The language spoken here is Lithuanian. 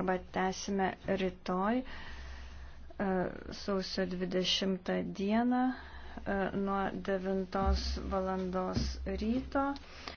arba tęsime rytoj e, sausio 20 dieną e, nuo 9 valandos ryto.